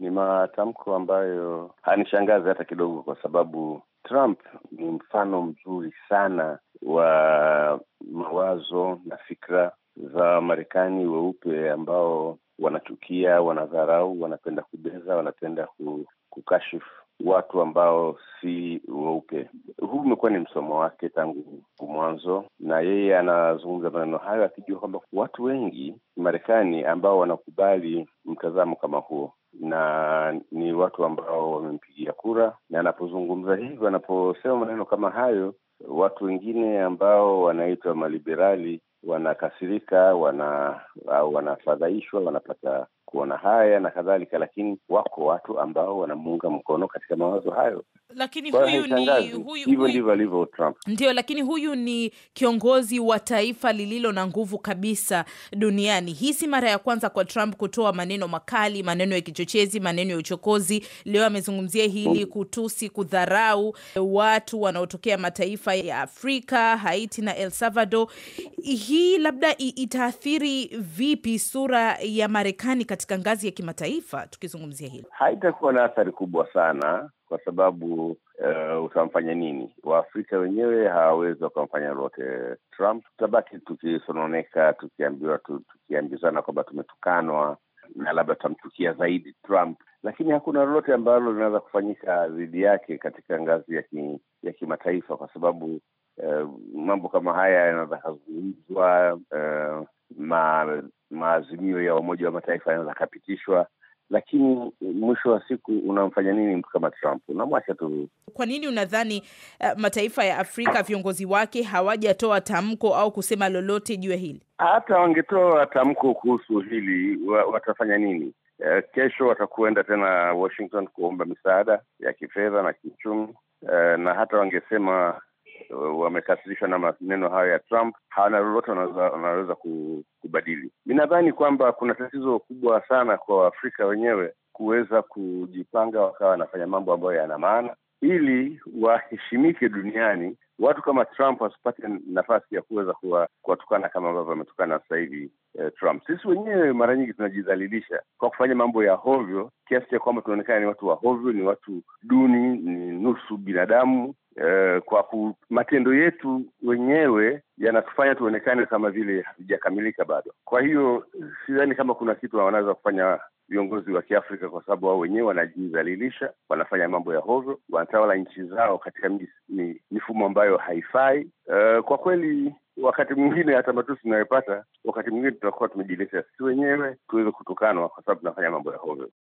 Ni matamko ambayo hanishangazi hata kidogo, kwa sababu Trump ni mfano mzuri sana wa mawazo na fikra za Marekani weupe ambao wanachukia, wanadharau, wanapenda kubeza, wanapenda kukashifu watu ambao si weupe. Huu umekuwa ni msomo wake tangu mwanzo, na yeye anazungumza maneno hayo akijua kwamba watu wengi Marekani ambao wanakubali mtazamo kama huo na ni watu ambao wamempigia kura, na anapozungumza hivyo, anaposema maneno kama hayo, watu wengine ambao wanaitwa maliberali wanakasirika, wana wanafadhaishwa, wanapata kuona haya na kadhalika, lakini wako watu ambao wanamuunga mkono katika mawazo hayo. Lakini huyu ni huyu, hivyo ndivyo alivyo Trump. Ndio, lakini huyu ni kiongozi wa taifa lililo na nguvu kabisa duniani. Hii si mara ya kwanza kwa Trump kutoa maneno makali, maneno ya kichochezi, maneno ya uchokozi. Leo amezungumzia hili mm, kutusi, kudharau watu wanaotokea mataifa ya Afrika, Haiti na El Salvador. Hii labda itaathiri vipi sura ya Marekani katika katika ngazi ya kimataifa tukizungumzia hili? Haitakuwa na athari kubwa sana kwa sababu uh, utamfanya nini? Waafrika wenyewe hawawezi wakamfanya lolote Trump. Tutabaki tukisononeka, tukiambiwa, tukiambizana kwamba tumetukanwa na labda tutamchukia zaidi Trump, lakini hakuna lolote ambalo linaweza kufanyika dhidi yake katika ngazi ya ki, ya kimataifa kwa sababu uh, mambo kama haya yanaweza kazungumzwa uh, eh, ma, maazimio ya Umoja wa Mataifa yanaweza akapitishwa, lakini mwisho wa siku unamfanya nini mtu kama Trump? Unamwacha tu. Kwa nini unadhani uh, mataifa ya Afrika viongozi wake hawajatoa tamko au kusema lolote juu ya hili? Hata wangetoa tamko kuhusu hili, watafanya nini? Uh, kesho watakuenda tena Washington kuomba misaada ya kifedha na kiuchumi. Uh, na hata wangesema Eh, wamekasirishwa na maneno hayo ya Trump, hawana lolote wanaweza kubadili. Mi nadhani kwamba kuna tatizo kubwa sana kwa Waafrika wenyewe kuweza kujipanga, wakawa wanafanya mambo ambayo yana maana ili waheshimike duniani. Watu kama Trump wasipate nafasi ya kuweza kuwatukana kama ambavyo wametukana sasa hivi eh, Trump. Sisi wenyewe mara nyingi tunajidhalilisha kwa kufanya mambo ya hovyo kiasi cha kwamba tunaonekana ni watu wa hovyo, ni watu duni, ni nusu binadamu Eh, kwa ku, matendo yetu wenyewe yanatufanya tuonekane kama vile hatujakamilika bado. Kwa hiyo sidhani kama kuna kitu wanaweza kufanya viongozi wa Kiafrika kwa sababu wao wenyewe wanajidhalilisha, wanafanya mambo ya hovyo, wanatawala nchi zao katika mifumo ambayo haifai. Uh, kwa kweli wakati mwingine hata matusi tunayopata, wakati mwingine tunakuwa tumejileta si wenyewe tuweze kutukanwa kwa sababu tunafanya mambo ya hovyo.